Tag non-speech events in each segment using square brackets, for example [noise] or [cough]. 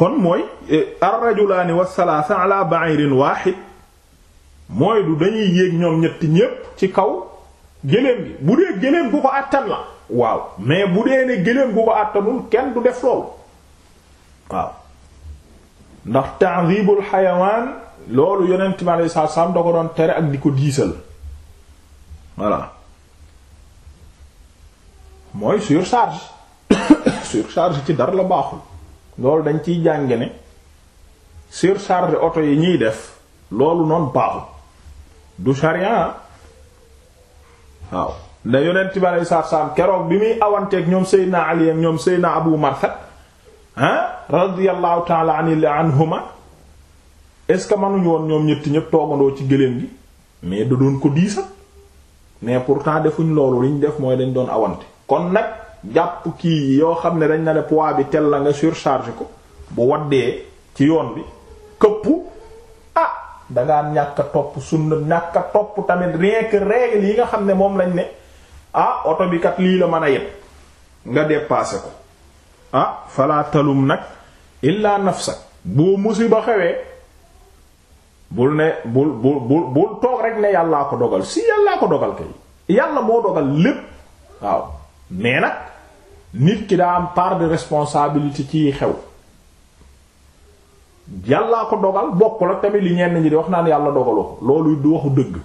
kon mooy e, ar-rajulaani was-salaasa ala ba'irin waahid mooy du dañuy yéeg ñoom ñetti ñépp ci kaw gëléem gi bu dee gëléem gu ko àttan la waaw mais bu dee ne gëléem gu ko àttanul kenn du def loolu waaw ndax ta'dhibul xayawaan loolu yonent mi alayhi salaatu salaam da ko doon tere ak di ko diisal voilà mooy surcharge [coughs] surcharge ci dara la baaxul loolu dañ ciy jànge ne surcharge oto yi ñuy def loolu noonu baaxul du sharia waaw da yonent bi alei saatu keroog bi muy awanteek ñoom Seydina Ali ak ñoom Seydina Abu Marsad ah radiyallahu taala an anhuma est-ce que mënuñu woon ñoom ñetti ñëpp toogandoo ci gëléem gi mais da doon ko diisa mais pourtant defuñ loolu liñ def mooy dañ doon awante kon nag jàpp kii yoo xam ne dañ na ne poids bi tel la nga surcharge ko bu waddee ci yoon bi këpp ah dangaa ñàkk a topp sunna ñàkk a topp tamit rien que yi nga xam ne moom lañ ne ah oto bi kat lii la mën a yeb nga dépassé ko ah fala talum nag illa nafsak boo musiba xewee bul ne bul bul bul bul toog rek ne yàllaa ko dogal si yàllaa ko dogal kay yàlla moo dogal lépp waaw mais nag nit ki daa am part de responsabilité ci xew yàllaa ko dogal bokkul ak tamit li ñenn ñi di wax naan yàlla dogaloo loolu du waxu dëgg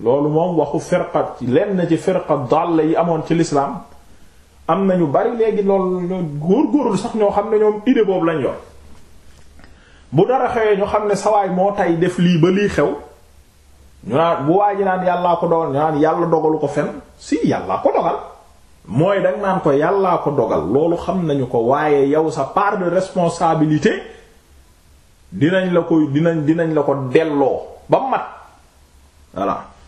loolu moom waxu firqa lenn ci firqa dàll yi amoon ci lislaam am na ñu bari léegi loolu góor-góorlu sax ñoo xam ne ñoom idée boobu lañ yor bu dara xewee ñu xam ne sawaay moo tay def lii ba lii xew ñu naan bu waa ji naan yàllaa ko dogal ñu naan yàlla dogalu ko fen si yàllaa ko dogal mooy danga naan ko yàllaa ko dogal loolu xam nañu ko waaye yow sa part de responsabilité dinañ la ko dinañ dinañ la ko delloo ba mat voilà